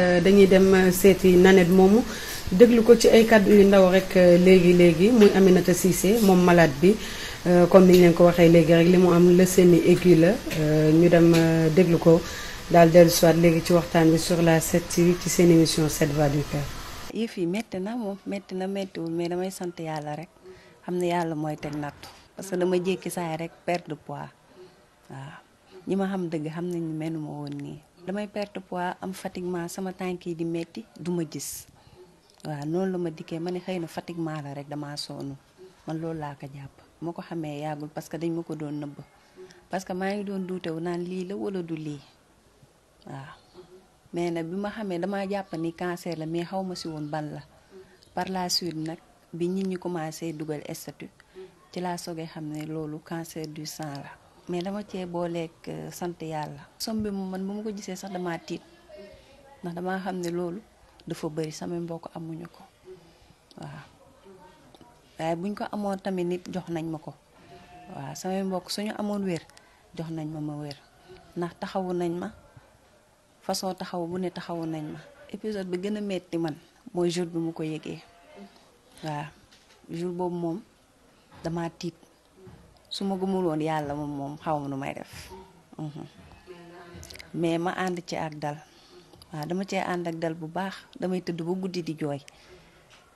Euh, dañuy dem euh, seeti nanet moomu déglu ko ci ay kàddu yu ndaw rek euh, léegi léegi muy Aminata Cissé moom malaat bi comme ni ñu leen ko waxee léegi rek li mu am leucémie aiguë la ñu dem déglu ko daal dellu soit léegi ci waxtaan bi sur la 7TV ci seen émission 7 voix du cœur. yëf na moom métti na méttiwul mais damay sant yàlla rek xam ne yàlla mooy teg nattu parce que dama jékki saay rek per de pois waaw ñi ma xam dëgg xam nañu melu woon nii. damay perte pois am fatiguement sama tànk yi di metti du ma gis waaw noonu la ma dikkee ma ne xëy na fatiguement la rek damaa sonn man loolu laa ko jàpp ma ko xamee yàggul parce que dañ ma ko doon nëbb parce que maa ngi doon duutewu naan lii la wala du lii waaw mais nag bi ma xamee damaa jàpp ni cancer la mais xaw ma si woon ban la par la suite nag bi nit ñi commencé dugal statut ci laa soogee xam ne loolu cancer du sang la mais dama cee booleeg euh, sant yàlla. som bi moom man bu ma ko gisee sax damaa tiit ndax damaa xam ne loolu dafa bëri samay mbokk amuñu ko waaw waaye buñ ko amoon tamit nit jox nañ ma ko waaw samay mbokk suñu amoon wér jox nañ ma ma wér ndax taxawu nañ ma façon taxaw bu ne taxawu nañ ma épisode bi gën a metti man mooy jour bi mu ko yëgee waaw jour boobu moom damaa tiit. su ma gëmuloon yàlla moom moom xaw ma nu may def mhm. mais ma ànd ci ak dal waaw dama cee ànd ak dal bu baax damay tëdd ba guddi di jooy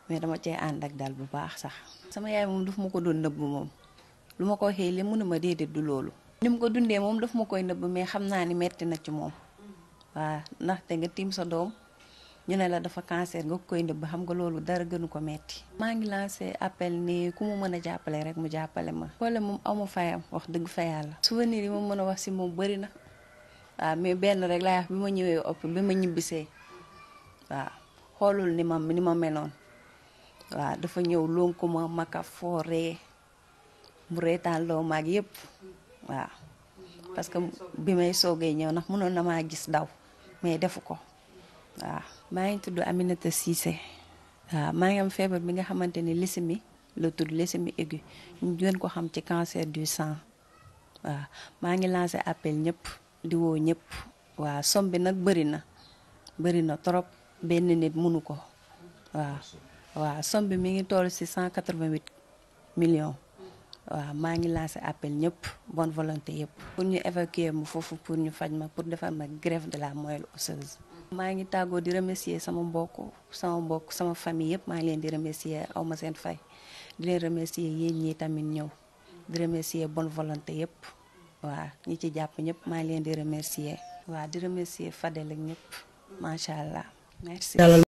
mais dama cee ànd ak dal bu baax sax. sama yaay moom daf ma ko doon nëbb moom lu ma ko waxee li mënuma dee du loolu. ni mu ko dundee moom dafa ma koy nëbb mais xam naa ni metti na ci moom waaw ndaxte nga tiim sa doom. ñu ne la dafa cancer nga koy nëbb xam nga loolu dara gënu ko metti maa ngi lancé appel nii ku mu mën a jàppale rek mu jàppale ma xoole moom amu fayam wax dëgg fa yàlla souvenir yi ma mën a wax si moom bëri na waaw mais benn rek laay bi ma ñëwee opp bi ma ñibbisee waaw xoolul ni ma ni ma meloon waaw dafa ñëw lonku ma maka fooree mu reetaan loo mag yëpp waaw parce que bi may soogee ñëw ndax mënoon na maa gis daw mais defu ko waaw maa ngi tudd Aminata Cissé waaw maa ngi am feebar bi nga xamante ni lisimi la tudd leucémie aiguë ñu gën ko xam ci cancer du sang waaw maa ngi lancé appel ñëpp di woo ñëpp waaw somme bi nag bëri na bëri na trop benn nit mënu ko waaw waaw some bi mi ngi toll ci 188 million waaw maa ngi lancé appel ñëpp bonne volonté yëpp pour ñu évacuer mu foofu pour ñu faj ma pour defar ma greffe de la moelle osseuse maa ngi tàggoo di remercier sama mbokk sama mbokk sama famille yëpp maa ngi leen di remercier aw ma seen fay di leen remercier yéen ñi tamit ñëw di remercier bonne volonté yëpp waaw ñi ci jàpp ñëpp maa ngi leen di remercier waa di remercier Fadel ak ñëpp macha allah merci.